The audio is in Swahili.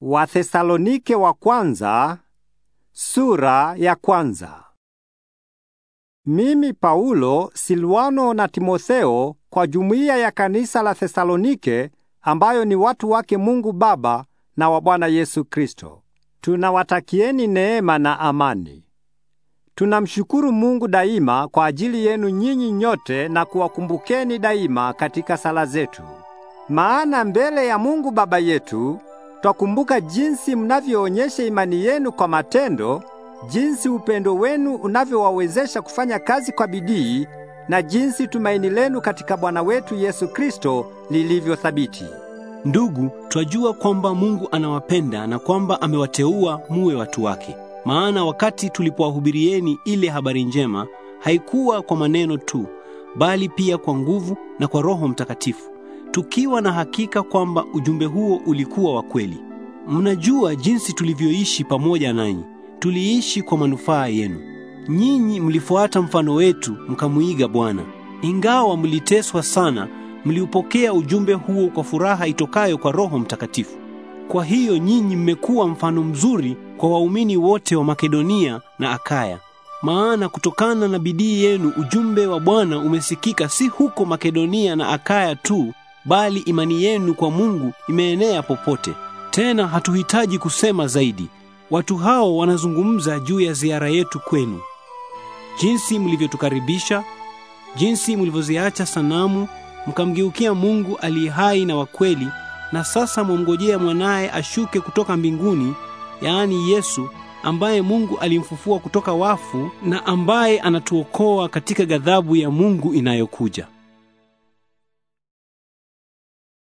Wathesalonike wa kwanza sura ya kwanza. Mimi Paulo, Silwano na Timotheo kwa jumuiya ya kanisa la Thesalonike ambayo ni watu wake Mungu Baba na wa Bwana Yesu Kristo. Tunawatakieni neema na amani. Tunamshukuru Mungu daima kwa ajili yenu nyinyi nyote na kuwakumbukeni daima katika sala zetu. Maana mbele ya Mungu Baba yetu Twakumbuka jinsi mnavyoonyesha imani yenu kwa matendo, jinsi upendo wenu unavyowawezesha kufanya kazi kwa bidii na jinsi tumaini lenu katika Bwana wetu Yesu Kristo lilivyothabiti. Ndugu, twajua kwamba Mungu anawapenda na kwamba amewateua muwe watu wake. Maana wakati tulipowahubirieni ile habari njema, haikuwa kwa maneno tu, bali pia kwa nguvu na kwa Roho Mtakatifu tukiwa na hakika kwamba ujumbe huo ulikuwa wa kweli. Mnajua jinsi tulivyoishi pamoja nanyi, tuliishi kwa manufaa yenu. Nyinyi mlifuata mfano wetu mkamwiga Bwana. Ingawa mliteswa sana, mliupokea ujumbe huo kwa furaha itokayo kwa Roho Mtakatifu. Kwa hiyo nyinyi mmekuwa mfano mzuri kwa waumini wote wa Makedonia na Akaya. Maana kutokana na bidii yenu ujumbe wa Bwana umesikika si huko Makedonia na Akaya tu, bali imani yenu kwa Mungu imeenea popote. Tena hatuhitaji kusema zaidi. Watu hao wanazungumza juu ya ziara yetu kwenu, jinsi mlivyotukaribisha, jinsi mlivyoziacha sanamu mkamgeukia Mungu aliye hai na wakweli na sasa mwamgojea mwanaye ashuke kutoka mbinguni, yaani Yesu ambaye Mungu alimfufua kutoka wafu na ambaye anatuokoa katika ghadhabu ya Mungu inayokuja.